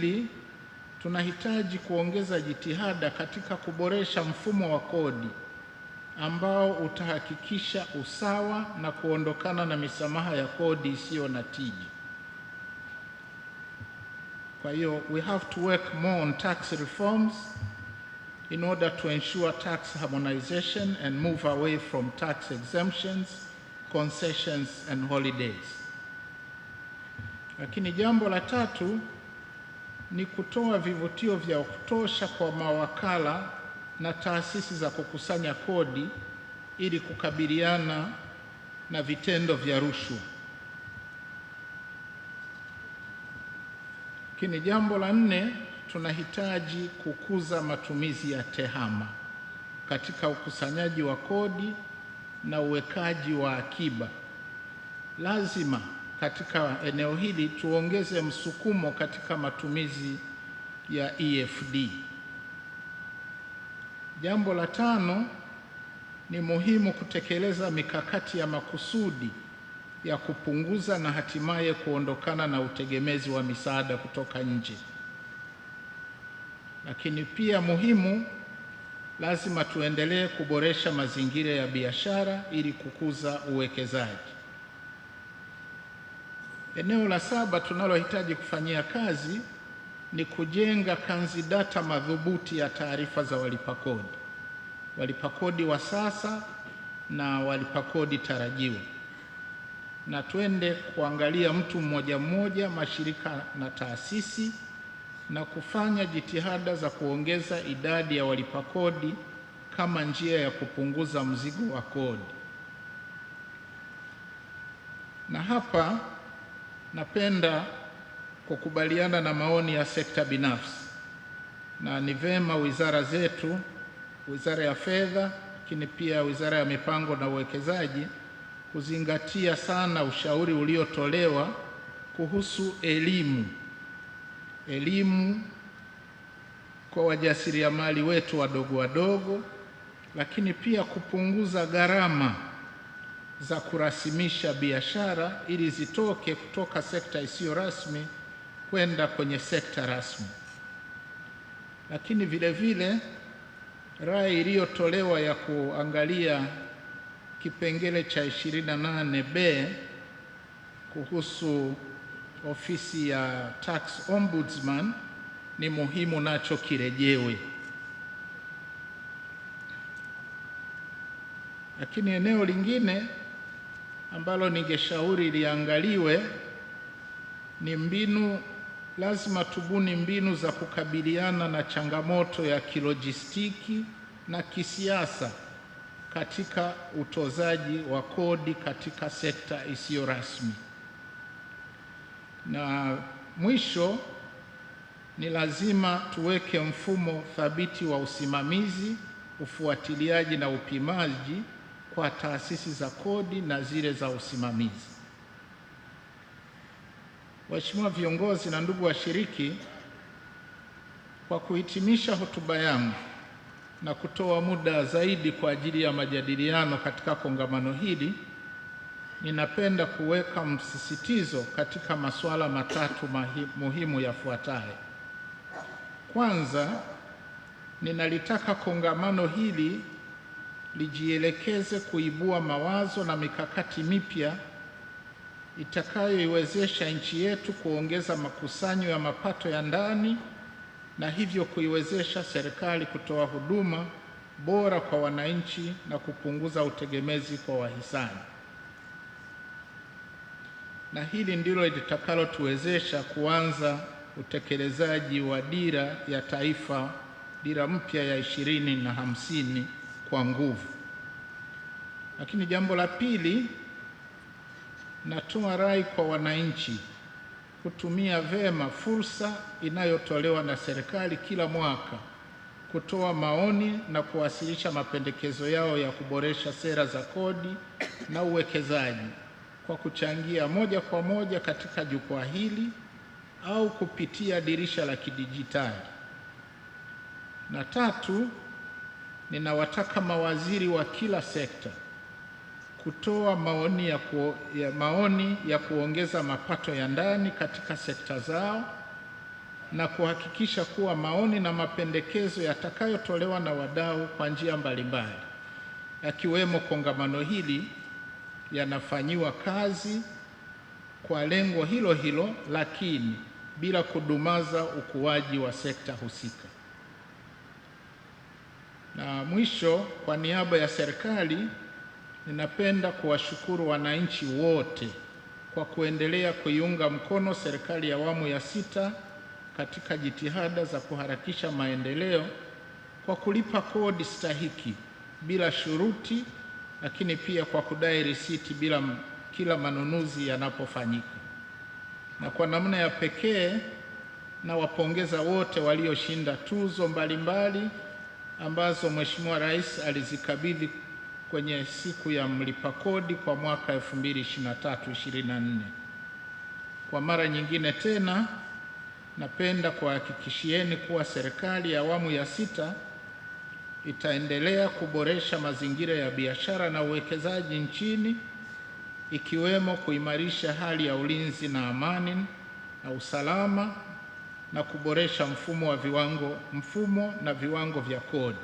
Pili, tunahitaji kuongeza jitihada katika kuboresha mfumo wa kodi ambao utahakikisha usawa na kuondokana na misamaha ya kodi isiyo na tija. Kwa hiyo we have to work more on tax reforms in order to ensure tax harmonization and move away from tax exemptions, concessions and holidays. Lakini jambo la tatu ni kutoa vivutio vya kutosha kwa mawakala na taasisi za kukusanya kodi ili kukabiliana na vitendo vya rushwa. Lakini jambo la nne, tunahitaji kukuza matumizi ya tehama katika ukusanyaji wa kodi na uwekaji wa akiba. Lazima katika eneo hili, tuongeze msukumo katika matumizi ya EFD. Jambo la tano, ni muhimu kutekeleza mikakati ya makusudi ya kupunguza na hatimaye kuondokana na utegemezi wa misaada kutoka nje. Lakini pia muhimu, lazima tuendelee kuboresha mazingira ya biashara ili kukuza uwekezaji. Eneo la saba tunalohitaji kufanyia kazi ni kujenga kanzi data madhubuti ya taarifa za walipa kodi, walipa kodi wa sasa na walipa kodi tarajiwa, na twende kuangalia mtu mmoja mmoja, mashirika na taasisi, na kufanya jitihada za kuongeza idadi ya walipa kodi kama njia ya kupunguza mzigo wa kodi na hapa Napenda kukubaliana na maoni ya sekta binafsi na ni vema wizara zetu, Wizara ya Fedha, lakini pia Wizara ya Mipango na Uwekezaji kuzingatia sana ushauri uliotolewa kuhusu elimu, elimu kwa wajasiriamali wetu wadogo wadogo, lakini pia kupunguza gharama za kurasimisha biashara ili zitoke kutoka sekta isiyo rasmi kwenda kwenye sekta rasmi. Lakini vile vile rai iliyotolewa ya kuangalia kipengele cha 28B kuhusu ofisi ya Tax Ombudsman ni muhimu, nacho kirejewe. Lakini eneo lingine ambalo ningeshauri liangaliwe ni mbinu, lazima tubuni mbinu za kukabiliana na changamoto ya kilojistiki na kisiasa katika utozaji wa kodi katika sekta isiyo rasmi. Na mwisho ni lazima tuweke mfumo thabiti wa usimamizi, ufuatiliaji na upimaji kwa taasisi za kodi na zile za usimamizi. Waheshimiwa viongozi na ndugu washiriki, kwa kuhitimisha hotuba yangu na kutoa muda zaidi kwa ajili ya majadiliano katika kongamano hili, ninapenda kuweka msisitizo katika masuala matatu muhimu yafuatayo. Kwanza, ninalitaka kongamano hili lijielekeze kuibua mawazo na mikakati mipya itakayoiwezesha nchi yetu kuongeza makusanyo ya mapato ya ndani na hivyo kuiwezesha serikali kutoa huduma bora kwa wananchi na kupunguza utegemezi kwa wahisani. Na hili ndilo litakalotuwezesha kuanza utekelezaji wa dira ya taifa, dira mpya ya ishirini na hamsini kwa nguvu. Lakini jambo la pili, natoa rai kwa wananchi kutumia vyema fursa inayotolewa na serikali kila mwaka kutoa maoni na kuwasilisha mapendekezo yao ya kuboresha sera za kodi na uwekezaji kwa kuchangia moja kwa moja katika jukwaa hili au kupitia dirisha la kidijitali. Na tatu, ninawataka mawaziri wa kila sekta kutoa maoni ya, ku, ya maoni ya kuongeza mapato ya ndani katika sekta zao na kuhakikisha kuwa maoni na mapendekezo yatakayotolewa na wadau kwa njia mbalimbali yakiwemo kongamano hili yanafanyiwa kazi kwa lengo hilo hilo, lakini bila kudumaza ukuaji wa sekta husika. Na mwisho, kwa niaba ya serikali ninapenda kuwashukuru wananchi wote kwa kuendelea kuiunga mkono serikali ya awamu ya sita katika jitihada za kuharakisha maendeleo kwa kulipa kodi stahiki bila shuruti, lakini pia kwa kudai risiti bila kila manunuzi yanapofanyika. Na kwa namna ya pekee nawapongeza wote walioshinda tuzo mbalimbali mbali, ambazo Mheshimiwa Rais alizikabidhi kwenye siku ya mlipa kodi kwa mwaka 2023/24. Kwa mara nyingine tena napenda kuhakikishieni kuwa serikali ya awamu ya sita itaendelea kuboresha mazingira ya biashara na uwekezaji nchini ikiwemo kuimarisha hali ya ulinzi na amani na usalama na kuboresha mfumo wa viwango, mfumo na viwango vya kodi.